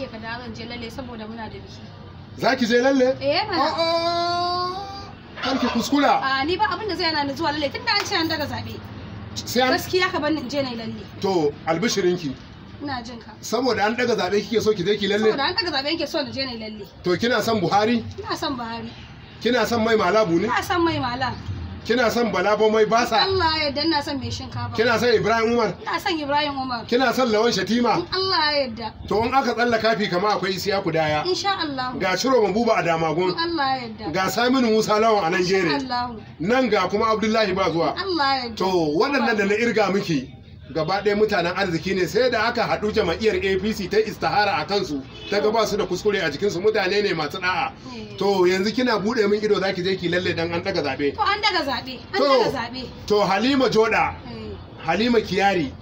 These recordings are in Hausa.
nake ka zan je lalle saboda muna da biki zaki je lalle eh mana ah, ah. kar ki kuskura Ah ni ba abin da zai yana ni zuwa lalle tunda an ce an daga zabe gaskiya ka bar ni je nayi lalle to albishirinki ina jin ka saboda an daga zabe kike so ki je ki lalle saboda an daga zabe kike so na je nayi lalle to kina son Buhari ina son Buhari kina son mai malabu ne ina son mai malabu kina son bala ba mai basa Allah ya yarda ina son mai shinkafa kina son Ibrahim Umar ina son Ibrahim Umar kina son Lawan Shatima in Allah ya yarda to in aka tsalla kafi kama akwai Isiya daya insha Allah ga Shiro Mabuba a Damagun in Allah ya yarda ga Saminu Musa Lawan a Nigeria insha Allah nan ga kuma Abdullahi ba Bazuwa Allah ya yarda to waɗannan da na irga miki gaba ɗaya mutanen arziki ne sai da aka haɗu jama'iyar apc ta istahara a kansu ta gaba su da kuskure a jikinsu mutane ne masu ɗa'a eh. to yanzu kina buɗe min ido zaki je ki lalle dan an daga zaɓe to an daga zaɓe to to halima joda eh. halima kiyari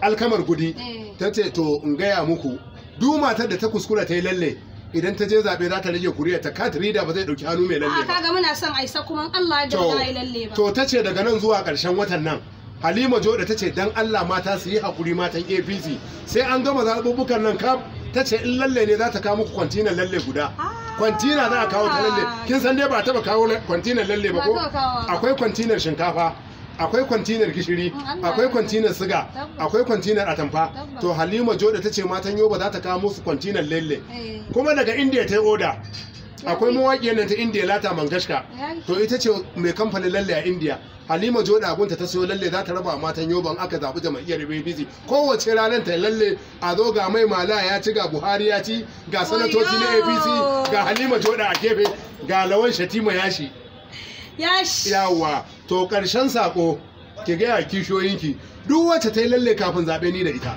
alkamar gudi eh. ta ce to in gaya muku duk matar da ta kuskura ta yi lalle idan ta je zaɓe za ta rage kuriya ta kat rida ba zai ɗauki hannu mai lalle ba. Kaga muna son aisa kuma Allah ya da lalle ba. To ta ce daga nan zuwa ƙarshen watan nan. halima joda ta ce don allah mata su yi haƙuri matan apc sai an gama zaɓuɓɓukan nan kam ta ce in lalle ne za ta kawo muku kwantinan lalle guda ah. kwantina za a kawo ta lalle kin san dai ba taba kawo kwantinan lalle ba ko akwai kwantinar shinkafa akwai kwantinar gishiri mm, akwai kwantinar siga akwai kwantinar atamfa to halima joda ta ce matan yoba za ta kawo musu kwantinan lalle eh. kuma daga inda ta yi oda akwai mawaƙiyar nan ta indiya lata mangashka to ita ce mai kamfanin lalle a indiya halima joda abunta ta siyo lalle za ta raba matan yoban aka zaɓi jama'iyyar bbc kowace ranar ta lalle a zo ga mai mala ya ci ga buhari ya ci ga sanatoci na abc ga halima joda a gefe ga lawan shatima yashi yawa to ƙarshen sako ki gaya kishoyinki duk wacce ta yi lalle kafin zaɓe ni da ita